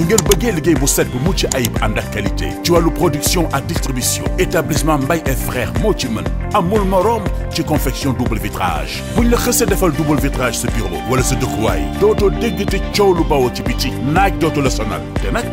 su ngeen bëggee liggéey bu set bu mucc ayib ànd ak qualité ci wàllu production a distribution établissement Mbaye et frères moo ci mën amul morom ci confection double vitrage ñu la xësee defal double vitrage sa bureau wala sa dëkkuwaay dootoo dégg te coow lu bawoo ci biti naaj dootu la sonal te nag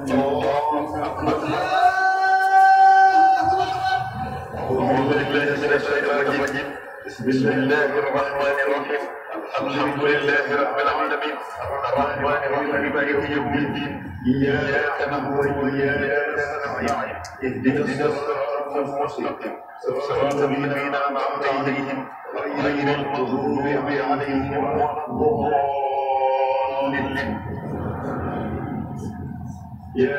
بسم الله الرحمن الرحيم الحمد لله رب العالمين الرحمن الرحيم مالك يوم الدين اياك نعبد واياك نستعين اهدنا الصراط المستقيم صراط الذين انعمت عليهم غير المغضوب عليهم ولا الضالين يا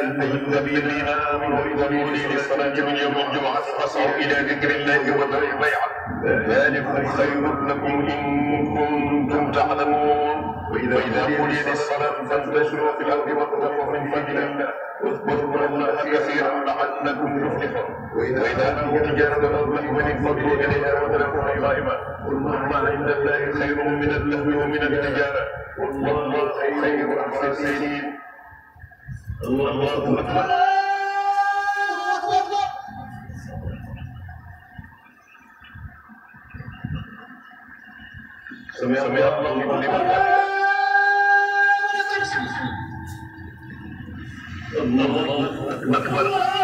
أيها الذين آمنوا إذا نودي للصلاة من يوم الجمعة فاسعوا إلى ذكر الله وذروا البيع ذلكم خير لكم إن كنتم تعلمون وإذا قضي للصلاة فانتشروا في الأرض وابتغوا من فضل الله واذكروا الله كثيرا لعلكم تفلحون وإذا قضي تجارة أو لهوا انفضوا إليها وتركوها غائبا والله عند الله خير من اللهو ومن التجارة والله خير الحاسبين الله أكبر سمع الله لمن حمده الله أكبر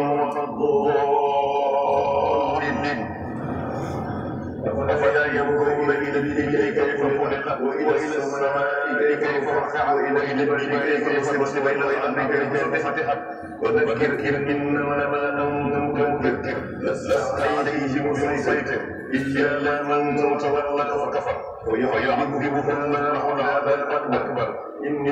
وذكر إنما أنت مذكر لست عليهم بمسيطر إلا من تولى وكفر ويعذبه الله العذاب الأكبر إن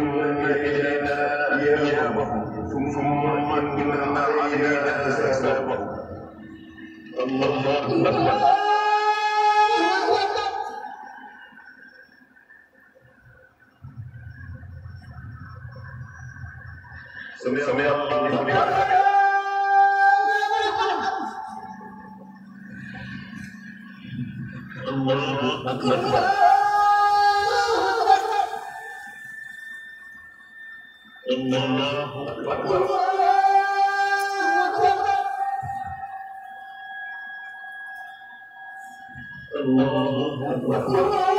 إلينا إيابهم ثم من علينا حسابهم الله أكبر سمير الله أكبر الله أكبر الله أكبر